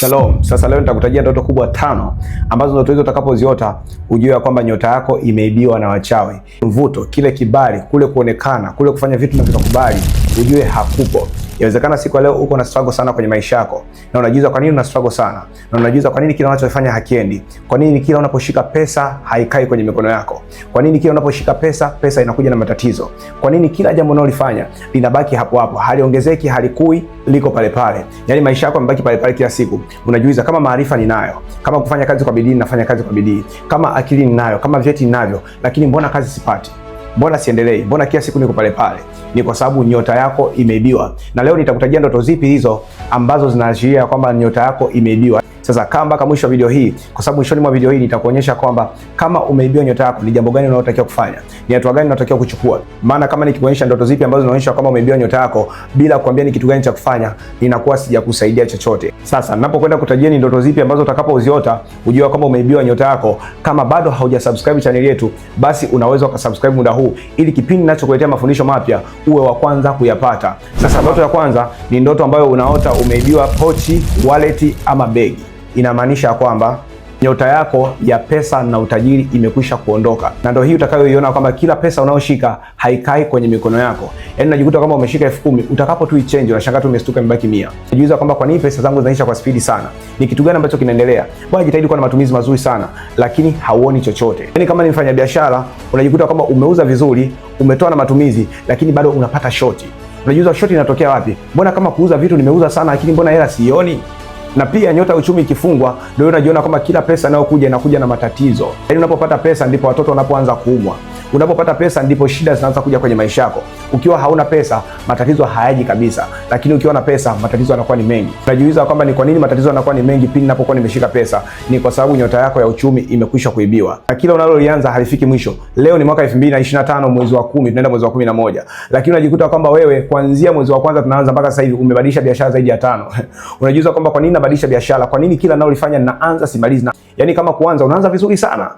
Shalom. Sasa leo nitakutajia ndoto kubwa tano ambazo ndoto hizo utakapoziota ujue ya kwamba nyota yako imeibiwa na wachawi. Mvuto, kile kibali, kule kuonekana, kule kufanya vitu na vikakubali, ujue hakupo. Yawezekana siku ya leo uko na struggle sana kwenye maisha yako na unajiuliza kwa nini una struggle sana, na unajiuliza kwa nini kila unachofanya hakiendi, kwa nini kila unaposhika pesa haikai kwenye mikono yako, kwa nini kila unaposhika pesa pesa inakuja na matatizo, kwa nini kila jambo unalofanya linabaki hapo hapo, haliongezeki, halikui, liko pale pale, yani maisha yako yamebaki pale pale kila siku. Unajiuliza kama maarifa ninayo, kama kufanya kazi kwa bidii ninafanya kazi kwa bidii, kama akili ninayo, kama vyeti ninavyo, lakini mbona kazi sipati? mbona siendelei? Mbona kila siku niko pale pale? Ni kwa sababu nyota yako imeibiwa. Na leo nitakutajia ndoto zipi hizo ambazo zinaashiria kwamba nyota yako imeibiwa. Sasa kamba mpaka mwisho wa video hii, kwa sababu mwishoni mwa video hii nitakuonyesha kwamba kama umeibiwa nyota yako ni jambo gani unalotakiwa kufanya, ni hatua gani unatakiwa kuchukua. Maana kama nikikuonyesha ndoto zipi ambazo zinaonyesha kama umeibiwa nyota yako bila kukuambia ni kitu gani cha kufanya, ninakuwa sijakusaidia chochote. Sasa ninapokwenda kutajia ni ndoto zipi ambazo utakapoziota ujue kwamba umeibiwa nyota yako, kama bado haujasubscribe channel yetu, basi unaweza ukasubscribe muda huu, ili kipindi ninachokuletea mafundisho mapya uwe wa kwanza kuyapata. Sasa ndoto ya kwanza ni ndoto ambayo unaota umeibiwa pochi, wallet ama begi inamaanisha kwamba nyota yako ya pesa na utajiri imekwisha kuondoka, na ndio hii utakayoiona kwamba kila pesa unayoshika haikai kwenye mikono yako. Yaani unajikuta kama umeshika elfu kumi utakapo tu ichange unashangaa tu umestuka imebaki mia. Unajiuliza kwamba kwa nini pesa zangu zinaisha kwa spidi sana? Ni kitu gani ambacho kinaendelea? Bwana, jitahidi kuwa na matumizi mazuri sana, lakini hauoni chochote. Yaani kama ni mfanyabiashara, unajikuta kwamba umeuza vizuri, umetoa na matumizi, lakini bado unapata shoti. Unajiuliza shoti inatokea wapi? Mbona kama kuuza vitu nimeuza sana, lakini mbona hela siioni? na pia nyota ya uchumi ikifungwa, ndio unajiona kwamba kila pesa inayokuja inakuja na matatizo. Yaani unapopata pesa ndipo watoto wanapoanza kuumwa. Unapopata pesa ndipo shida zinaanza kuja kwenye maisha yako. Ukiwa hauna pesa, matatizo hayaji kabisa, lakini ukiwa na pesa, matatizo yanakuwa ni mengi. Unajiuliza kwamba ni kwa nini matatizo yanakuwa ni mengi pindi ninapokuwa nimeshika pesa? Ni kwa sababu nyota yako ya uchumi imekwisha kuibiwa, na kila unalolianza halifiki mwisho. Leo ni mwaka 2025 mwezi wa 10, tunaenda mwezi wa 11, lakini unajikuta kwamba wewe kuanzia mwezi wa kwanza tunaanza mpaka sasa hivi umebadilisha biashara zaidi ya tano. Unajiuliza kwamba kwa nini nabadilisha biashara? Kwa nini kila ninalolifanya ninaanza simalizi? Na Yani kama kuanza unaanza vizuri sana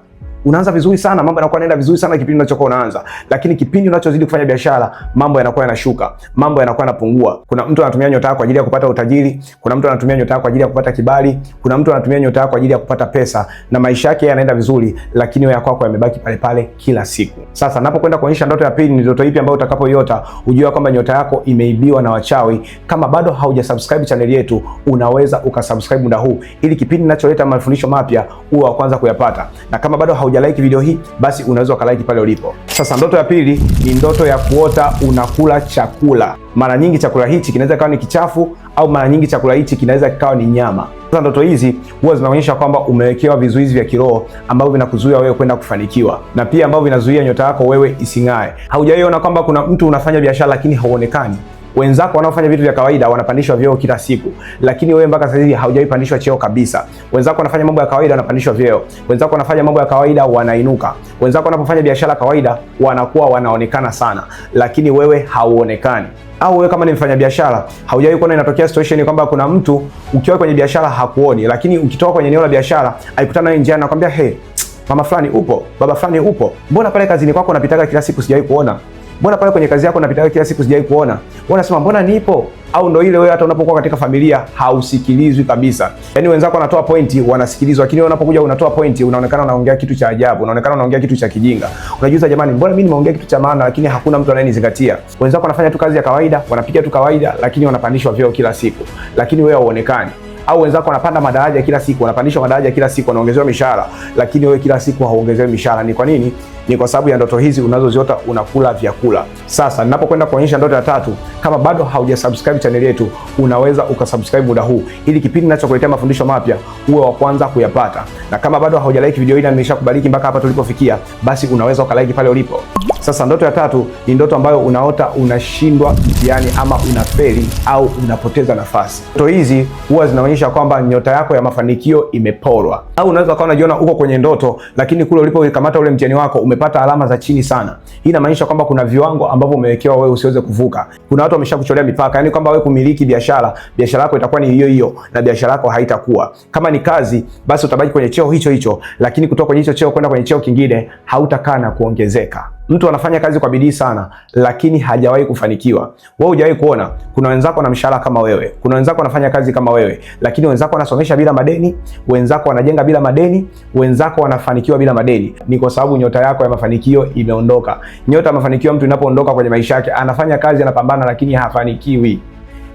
unaanza vizuri sana, mambo yanakuwa yanaenda vizuri sana kipindi unachokuwa unaanza, lakini kipindi unachozidi kufanya biashara, mambo yanakuwa yanashuka, mambo yanakuwa yanapungua. Kuna mtu anatumia nyota yako kwa ajili ya kupata utajiri, kuna mtu anatumia nyota yako kwa ajili ya kupata kibali, kuna mtu anatumia nyota yako kwa ajili ya kupata pesa, na maisha yake yanaenda vizuri, lakini wewe yako yamebaki pale pale kila siku. Sasa napokwenda kuonyesha ndoto ya pili, ni ndoto ipi ambayo utakapoiota ujue kwamba nyota yako imeibiwa na wachawi. Kama bado haujasubscribe channel yetu, unaweza ukasubscribe muda huu, ili kipindi ninacholeta mafundisho mapya uwe wa kwanza kuyapata, na kama bado hauja hujalike video hii, basi unaweza ukalike pale ulipo. Sasa ndoto ya pili ni ndoto ya kuota unakula chakula. Mara nyingi chakula hichi kinaweza kawa ni kichafu au mara nyingi chakula hichi kinaweza kikawa ni nyama. Sasa ndoto hizi huwa zinaonyesha kwamba umewekewa vizuizi vya kiroho ambavyo vinakuzuia wewe kwenda kufanikiwa na pia ambavyo vinazuia nyota yako wewe ising'ae. Haujaiona kwamba kuna mtu unafanya biashara lakini hauonekani Wenzako wanaofanya vitu vya kawaida wanapandishwa vyeo kila siku, lakini wewe mpaka sasa hivi haujaipandishwa cheo kabisa. Wenzako wanafanya mambo ya kawaida wanapandishwa vyeo, wenzako wanafanya mambo ya kawaida wanainuka, wenzako wanapofanya biashara kawaida wanakuwa wanaonekana sana, lakini wewe hauonekani au wewe kama ni mfanyabiashara haujawahi kuona inatokea situation kwamba kuna mtu ukiwa kwenye biashara hakuoni, lakini ukitoka kwenye eneo la biashara aikutana naye njiani, nakwambia hey, mama fulani upo, baba fulani upo, mbona pale kazini kwako unapitaga kila siku, sijawahi kuona mbona pale kwenye kazi yako napita kila siku sijai kuona? Wewe unasema mbona nipo? Au ndo ile wewe hata unapokuwa katika familia hausikilizwi kabisa. Yaani wenzako wanatoa pointi, wanasikilizwa, lakini wewe unapokuja unatoa pointi, unaonekana unaongea kitu cha ajabu, unaonekana unaongea kitu cha kijinga. Unajiuliza, jamani, mbona mimi nimeongea kitu cha maana, lakini hakuna mtu anayenizingatia? Wenzako wanafanya tu kazi ya kawaida, wanapiga tu kawaida, lakini wanapandishwa vyeo kila siku, lakini wewe hauonekani au wenzako wanapanda madaraja kila siku, wanapandishwa madaraja kila siku, wanaongezewa mishahara, lakini wewe kila siku hauongezewi mishahara. Ni kwa nini? Ni kwa sababu ya ndoto hizi unazoziota unakula vyakula. Sasa ninapokwenda kuonyesha ndoto ya tatu, kama bado haujasubscribe channel yetu, unaweza ukasubscribe muda huu, ili kipindi ninachokuletea mafundisho mapya uwe wa kwanza kuyapata. Na kama bado haujalike video hii na nimeshakubariki mpaka hapa tulipofikia, basi unaweza ukalike pale ulipo. Sasa ndoto ya tatu ni ndoto ambayo unaota unashindwa mtihani ama unafeli au unapoteza nafasi. Ndoto hizi huwa zinaonyesha kwamba nyota yako ya mafanikio imeporwa, au unaweza ukawa unajiona uko kwenye ndoto, lakini kule ulipokamata ule mtihani wako umepata alama za chini sana. Hii inamaanisha kwamba kuna viwango ambavyo umewekewa wewe usiweze kuvuka. Kuna watu wameshakuchorea mipaka, yani kwamba wewe kumiliki biashara, biashara yako itakuwa ni hiyo hiyo na biashara yako haitakuwa. Kama ni kazi, basi utabaki kwenye cheo hicho hicho, lakini kutoka kwenye hicho cheo kwenda kwenye cheo kingine hautakaa na kuongezeka. Mtu anafanya kazi kwa bidii sana, lakini hajawahi kufanikiwa. Wewe hujawahi kuona kuna wenzako na mshahara kama wewe, kuna wenzako wanafanya kazi kama wewe, lakini wenzako wanasomesha bila madeni, wenzako wanajenga bila madeni, wenzako wanafanikiwa bila madeni. Ni kwa sababu nyota yako ya mafanikio imeondoka. Nyota ya mafanikio, mtu inapoondoka kwenye maisha yake, anafanya kazi, anapambana, lakini hafanikiwi.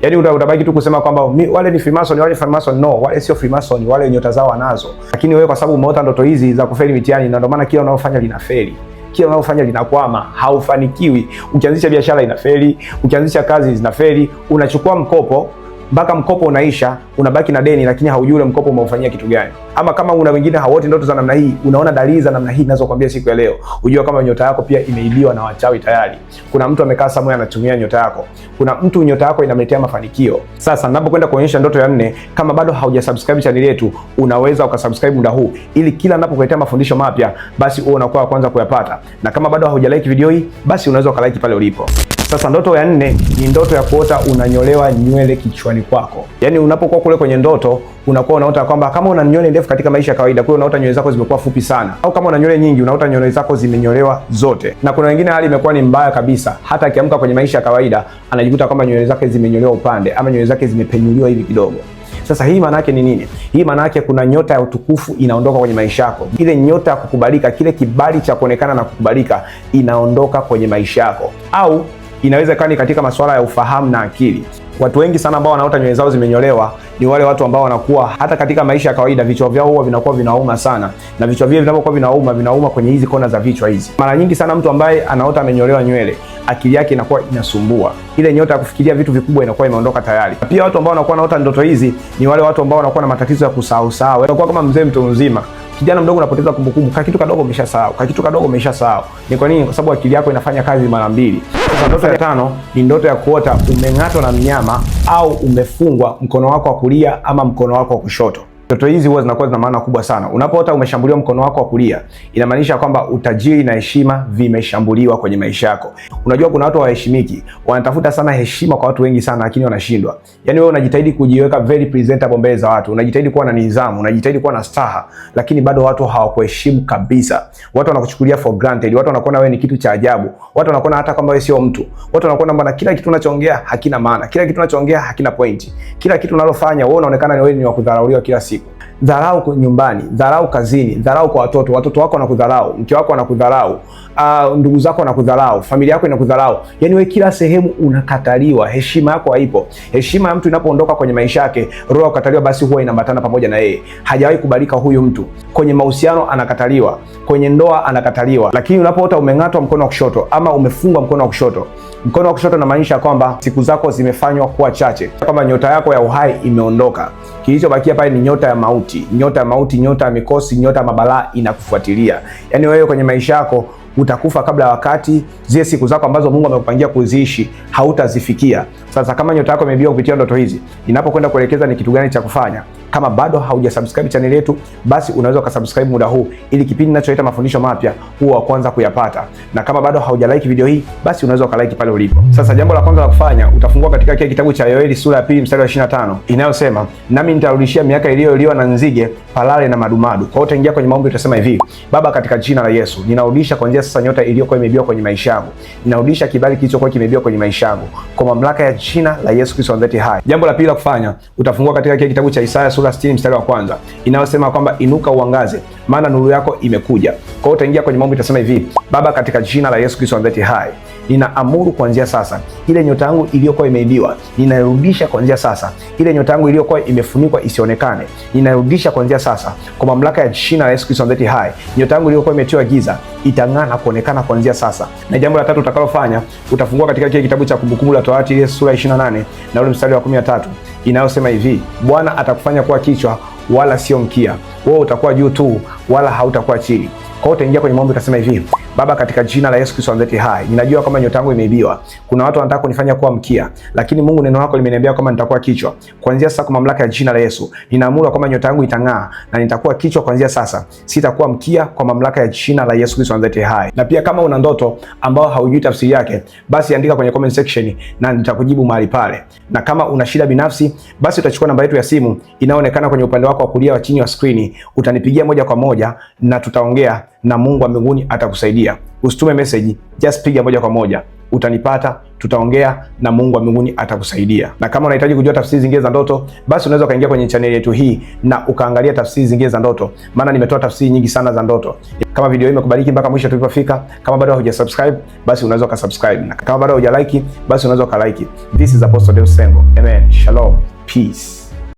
Yaani utabaki tu kusema kwamba wale ni Freemason, wale Freemason. No, wale sio Freemason, wale nyota zao wanazo, lakini wewe kwa sababu umeota ndoto hizi za kufeli mitihani, na ndio maana kila unaofanya linafeli kila unalofanya linakwama, haufanikiwi. Ukianzisha biashara inafeli, ukianzisha kazi zinafeli, unachukua mkopo mpaka mkopo unaisha, unabaki na deni, lakini haujui ule mkopo umeufanyia kitu gani. Ama kama una wengine hawote ndoto za namna hii, unaona dalili za namna hii ninazokuambia siku ya leo, hujua kama nyota yako pia imeibiwa na wachawi tayari. Kuna mtu amekaa samwe anatumia nyota yako, kuna mtu nyota yako inamletea mafanikio. Sasa ninapokwenda kuonyesha ndoto ya nne, kama bado haujasubscribe channel yetu, unaweza ukasubscribe muda huu, ili kila ninapokuletea mafundisho mapya, basi uwe unakuwa wa kwanza kuyapata, na kama bado haujalike video hii, basi unaweza ukalike pale ulipo. Sasa ndoto ya nne ni ndoto ya kuota unanyolewa nywele kichwani kwako. Yaani unapokuwa kule kwenye ndoto unakuwa unaota kwamba kama una nywele ndefu katika maisha ya kawaida, kwa unaota nywele zako zimekuwa fupi sana, au kama una nywele nyingi unaota nywele zako zimenyolewa zote. Na kuna wengine hali imekuwa ni mbaya kabisa, hata akiamka kwenye maisha ya kawaida anajikuta kwamba nywele zake zimenyolewa upande ama nywele zake zimepenyuliwa hivi kidogo. Sasa hii maana yake ni nini? Hii maana yake kuna nyota ya utukufu inaondoka kwenye maisha yako, ile nyota ya kukubalika, kile kibali cha kuonekana na kukubalika inaondoka kwenye maisha yako, au inaweza ikawa ni katika masuala ya ufahamu na akili. Watu wengi sana ambao wanaota nywele zao zimenyolewa ni wale watu ambao wanakuwa hata katika maisha ya kawaida vichwa vyao huwa vinakuwa vinauma sana, na vichwa vile vinapokuwa vinauma vinauma kwenye hizi kona za vichwa hizi. Mara nyingi sana mtu ambaye anaota amenyolewa nywele, akili yake inakuwa inasumbua, ile nyota ya kufikiria vitu vikubwa inakuwa imeondoka tayari. Pia watu ambao wanakuwa naota ndoto hizi ni wale watu ambao wanakuwa na matatizo ya kusahau sahau, kama mzee mtu mzima kijana mdogo unapoteza kumbukumbu, ka kitu kadogo umeshasahau, ka kitu kadogo umeshasahau. Ni kwa nini? Kwa sababu akili yako inafanya kazi mara mbili. Sasa ndoto ya tano ni ndoto ya kuota umeng'atwa na mnyama au umefungwa mkono wako wa kulia ama mkono wako wa kushoto. Ndoto hizi huwa zinakuwa zina maana kubwa sana. Unapoota umeshambuliwa mkono wako wa kulia, inamaanisha kwamba utajiri na heshima vimeshambuliwa kwenye maisha yako. Unajua kuna watu hawaheshimiki, wanatafuta sana heshima kwa watu wengi sana, lakini wanashindwa. Yaani wewe unajitahidi kujiweka very presentable mbele za watu, unajitahidi kuwa na nidhamu, unajitahidi kuwa na staha, lakini bado watu hawakuheshimu kabisa. Watu wanakuchukulia for granted, watu wanakuona wewe ni kitu cha ajabu, watu wanakuona hata kwamba wewe sio mtu, watu wanakuona kwamba kila kitu unachoongea hakina maana, kila kitu unachoongea hakina point, kila kitu unalofanya wewe unaonekana ni wewe ni wa kudharauliwa kila siku dharau nyumbani, dharau kazini, dharau kwa watoto. Watoto wako wanakudharau, mke wako anakudharau, uh, ndugu zako wanakudharau, familia yako inakudharau. Yani wewe kila sehemu unakataliwa, heshima yako haipo. Heshima ya mtu inapoondoka kwenye maisha yake, roho ya kukataliwa basi huwa inaambatana pamoja na yeye. Hajawahi kubalika huyu mtu. Kwenye mahusiano anakataliwa, kwenye ndoa anakataliwa. Lakini unapoota umeng'atwa mkono wa kushoto ama umefungwa mkono wa kushoto Mkono wa kushoto unamaanisha kwamba siku zako zimefanywa kuwa chache, kwamba nyota yako ya uhai imeondoka. Kilichobakia pale ni nyota ya mauti, nyota ya mauti, nyota ya mikosi, nyota ya mabalaa inakufuatilia. Yaani wewe kwenye maisha yako utakufa kabla ya wakati. Zile siku zako ambazo Mungu amekupangia kuziishi hautazifikia. Sasa kama nyota yako imebiwa kupitia ndoto hizi, inapokwenda kuelekeza ni kitu gani cha kufanya kama bado haujasubscribe channel yetu, basi unaweza ukasubscribe muda huu, ili kipindi ninacholeta mafundisho mapya huwa wa kwanza kuyapata. Na kama bado haujalike video hii, basi unaweza ukalike pale ulipo. Sasa jambo la kwanza la kufanya, utafungua katika kile kitabu cha Yoeli sura ya pili mstari wa 25 inayosema, nami nitarudishia miaka iliyoliwa na nzige, palale na madumadu. Kwa hiyo utaingia kwenye maombi, utasema hivi: Baba, katika jina la Yesu ninarudisha kuanzia sasa nyota iliyokuwa imebiwa kwenye maisha yangu, ninarudisha kibali kilichokuwa kimebiwa kwenye maisha yangu kwa mamlaka ya jina la Yesu Kristo wa dhati hai. Jambo la pili la kufanya, utafungua katika kile kitabu cha Isaya sura sura 60 mstari wa kwanza inayosema kwamba inuka uangaze, maana nuru yako imekuja. Kwa hiyo utaingia kwenye maombi, itasema hivi: Baba, katika jina la Yesu Kristo ambaye hai ninaamuru kuanzia sasa, ile nyota yangu iliyokuwa imeibiwa ninairudisha kuanzia sasa. Ile nyota yangu iliyokuwa imefunikwa isionekane ninairudisha kuanzia sasa, kwa mamlaka ya jina la Yesu Kristo mzeti hai. Nyota yangu iliyokuwa imetiwa giza itang'aa na kuonekana kuanzia sasa. Na jambo la tatu utakalofanya, utafungua katika kile kitabu cha Kumbukumbu la Torati ile sura 28 na ule mstari wa 13 inayosema hivi, Bwana atakufanya kuwa kichwa wala sio mkia, wewe utakuwa juu tu wala hautakuwa chini. Kwa hiyo utaingia kwenye maombi utasema hivi Baba, katika jina la Yesu Kristo mzeti hai, ninajua kwamba nyota yangu imeibiwa. Kuna watu wanataka kunifanya kuwa mkia, lakini Mungu, neno lako limeniambia kwamba nitakuwa kichwa. Kuanzia sasa, kwa mamlaka ya jina la Yesu, ninaamuru kwamba nyota yangu itang'aa na nitakuwa kichwa kuanzia sasa, sitakuwa mkia, kwa mamlaka ya jina la Yesu Kristo mzeti hai. Na pia kama una ndoto ambao haujui tafsiri yake, basi andika kwenye comment section na nitakujibu mahali pale. Na kama una shida binafsi, basi utachukua namba yetu ya simu inayoonekana kwenye upande wako wa kulia wa chini wa screen, utanipigia moja kwa moja na tutaongea na Mungu wa mbinguni atakusaidia. Usitume message, just piga moja kwa moja, utanipata, tutaongea na Mungu wa mbinguni atakusaidia. Na kama unahitaji kujua tafsiri zingine za ndoto, basi unaweza ukaingia kwenye chaneli yetu hii na ukaangalia tafsiri zingine za ndoto, maana nimetoa tafsiri nyingi sana za ndoto. Kama video hii imekubariki mpaka mwisho tulipofika, kama bado hauja subscribe, basi unaweza ukasubscribe, na kama bado hauja like, basi unaweza ukalike. This is Apostle Deusi Sengo. Amen, shalom, peace.